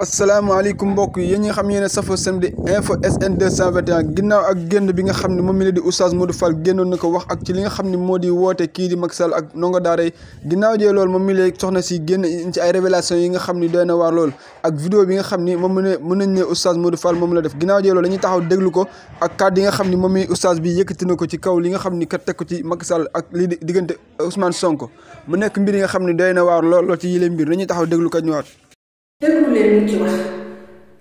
asalaamaaleykum mbokk yi nga xam yéen a safo samedi info SN 221 ak génn bi nga xam ne moom mi la di oustaz Modou Fall génnoon wax ak ci li nga xam ne moo di woote kii di Macky ak ndongo daara yi ginnaaw moom mi lay soxna si génn ci ay révélation yi nga xam ni doy na waar lool ak vidéo nga xam ni moom mën nañ ne oustaz Modou moom la def ginnaaw jee loolu taxaw déglu ko ak kàddu yi ni moom mi oustaz bi yëkkati na ko ci kaw li nga xam ni kat teg ko ci Macky Sall ak lii di diggante Ousmane Sonko mu nekk mbir yi nga xam ne doy na waar lool lool ci yile mbir dañuy taxaw déglu ko ñëwaat déglu leen lu mu ci wax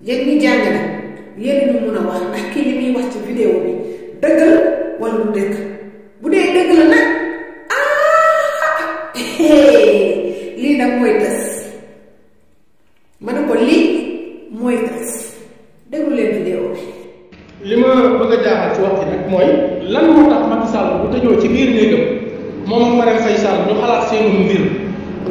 yéen ñi jàng na yéen ñu mun a wax ndax kii li muy wax ci vidéo bi dëgg la wala lu bu dee dëgg la nag ah! lii nag mooy tas ma ne ko lii mooy tas déglu leen bi. li ma bëgg jaaxal ci wax ci nag mooy lan moo tax Macky bu tëjoo ci biir néegam moom ak Marème Faye Sall ñu xalaat seenu mbir.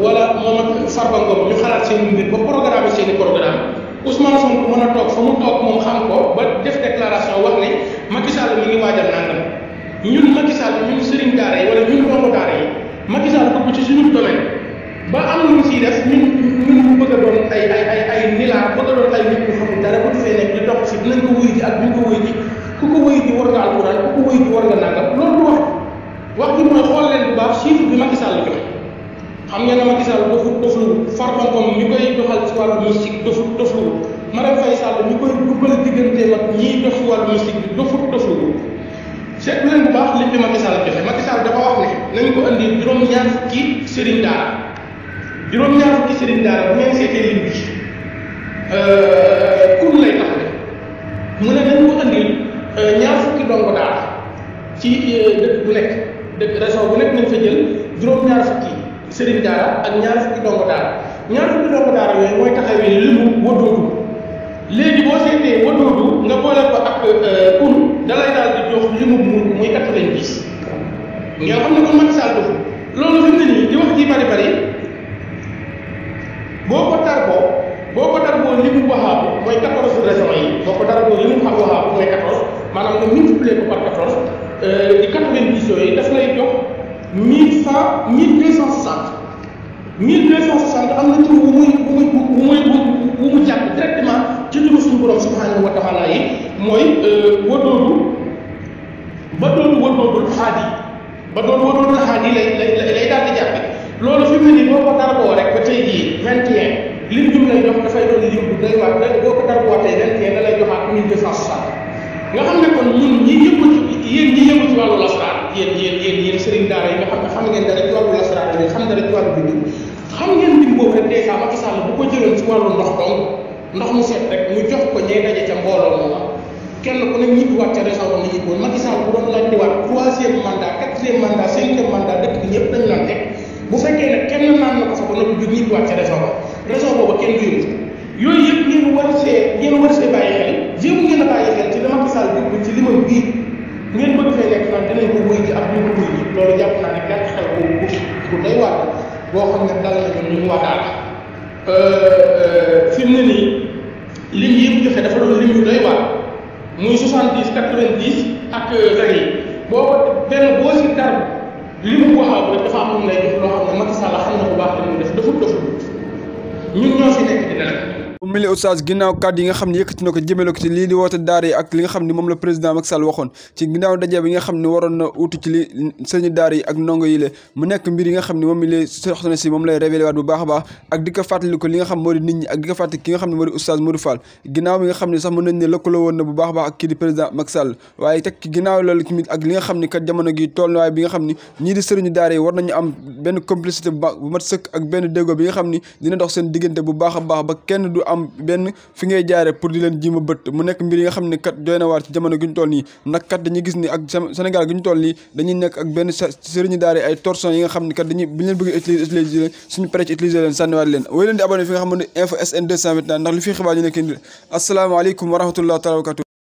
wala moom a Farba Ngom ñu xalaat seen mbir ba programme seen i programme Ousmane Sonko mën a toog fa mu toog moom xam ko ba def déclaration wax ne Macky Sall mi ngi waajal nangam ñun Macky Sall ñun sëriñ daara yi wala ñun doomu daara yi Macky Sall dugg ci suñu domaine ba am lu siy def ñun ñu bëgg a doon ay ay ay ay nilaar a doon ay nit ñu xam dara bu fee nekk di dox si dinañ ko wuy ji ak duñ ko wuy ji ku ko wuy ji war nga alxuraan ku xam nga dama gisal dofu doflu Farba Ngom mi koy doxal ci wàllu musique dofu ma Marème Faye Sall mi koy dugal diggante ak ñiy dox wàllu dofu doflu leen bu baax lépp ma Macky Sall joxe Macky Sall dafa wax ne nañ ko andi juróom-ñaar fukki sëriñ daara juróom-ñaar fukki sëriñ daara bu ngeen seetee lim bi euh, kun lay tax mu ne nañ ko andi euh, ñaar fukki dongo daara ci euh, dëkk bu nekk dëkk région bu nekk nañ fa jël sëriñ daara ak ñaar fukki ndongo daara ñaar fukki ndongo daara yooyu mooy taxawee limu wadoodu léegi boo seetee wadoodu nga boole ko ak euh, un dalay daal di jox limu muur muy quatre-vingt-dix nga xam ne ko Macky Sall loolu fi mu ne nii di wax ci bari bari boo ko tarboo boo ko tarboo waxaabu mooy quatorze régions yi boo ko tarboo limu xam waxaabu mooy euh, quatre-vingt-dix yooyu daf lay jox mille cent mille deux cent soixante mille deux cent soixante am na tur bu muy bu muy mu jàpp directement ci turu suñu borom subhanahu wa taala yi mooy euh, wadoodu ba doon wadoodul xaadi ba doon wadoodul xaadi lay lay lay daal di jàppe loolu fi mu ne nii boo ko darboo rek ba tey jii vingt et un lim jum lay jox dafay doon lim bu doy waar da boo ko darboo tey vingt et un da lay mille deux cent nga xam ne kon ñun ñi yëngu ci yéen ñi yëngu ci wàllu las yéen yéen yéen yéen sëriñ daara yi nga xam ne xam ngeen dara ci wàllu lasaraan yi xam dara ci wàllu bind xam ngeen lim rek dèjà Macky Sall bu ko jëloon ci wàllu ndox dong ndox mu set rek mu jox ko ñee daje ca mbooloo mooma kenn ku ne ñibbiwaat ca région ni ñibbiwoon Macky Sall bu doon laajtiwaat troisième mandat quatrième mandat cinquième ne kenn naan na ko fa ba noppi jóg ñibbiwaat ca région ba région boobu kenn duyu yooyu yëpp ngeen war see ngeen war see bàyyi xel jéem ngeen a bàyyi xel ci la Macky Sall ci limam bii yoon dinañ ko wuy ji ak ñu ko wuy ji loolu jàpp naa ne gàtt xel boobu bu bu day boo xam ne dal na ñu ñu wax daal fi mu ne lim yi mu joxe dafa doon lim yu doy waar muy 70 90 ak euh, vingt yi boo ko benn boo si dara li mu wax dafa am lu mu lay jox loo xam ne moom la oustaz ginnaaw kàddu yi nga lay révélé waat bu baax baax ak di ko fàttali ko li nga xam moo di nit ñi ak li nga xam ne kat jamono gi toll waaye bi nga xam ne ñii di sëriñu daara yi war nañu am benn complicité bu mat sëkk ak benn déggoo bi nga xam ne dina dox seen diggante bu baax a baax ba kenn du am am benn fi ngay jaare pour di leen jiima bëtt mu nekk mbir yi nga xam ne kat doy na waar ci jamono gi ñu toll nii nag kat dañuy gis ni ak Sénégal gi ñu toll nii dañuy nekk ak benn sëriñu daara ay torsion yi nga xam ne kat dañuy bu leen bëgg utiliser utiliser suñu paree ci utiliser leen sànniwaat leen wooyu leen di abonné fi nga xam ne info sn 229 ndax li fi xibaar ñu nekk nii asalaamaaleykum wa rahmatullah taala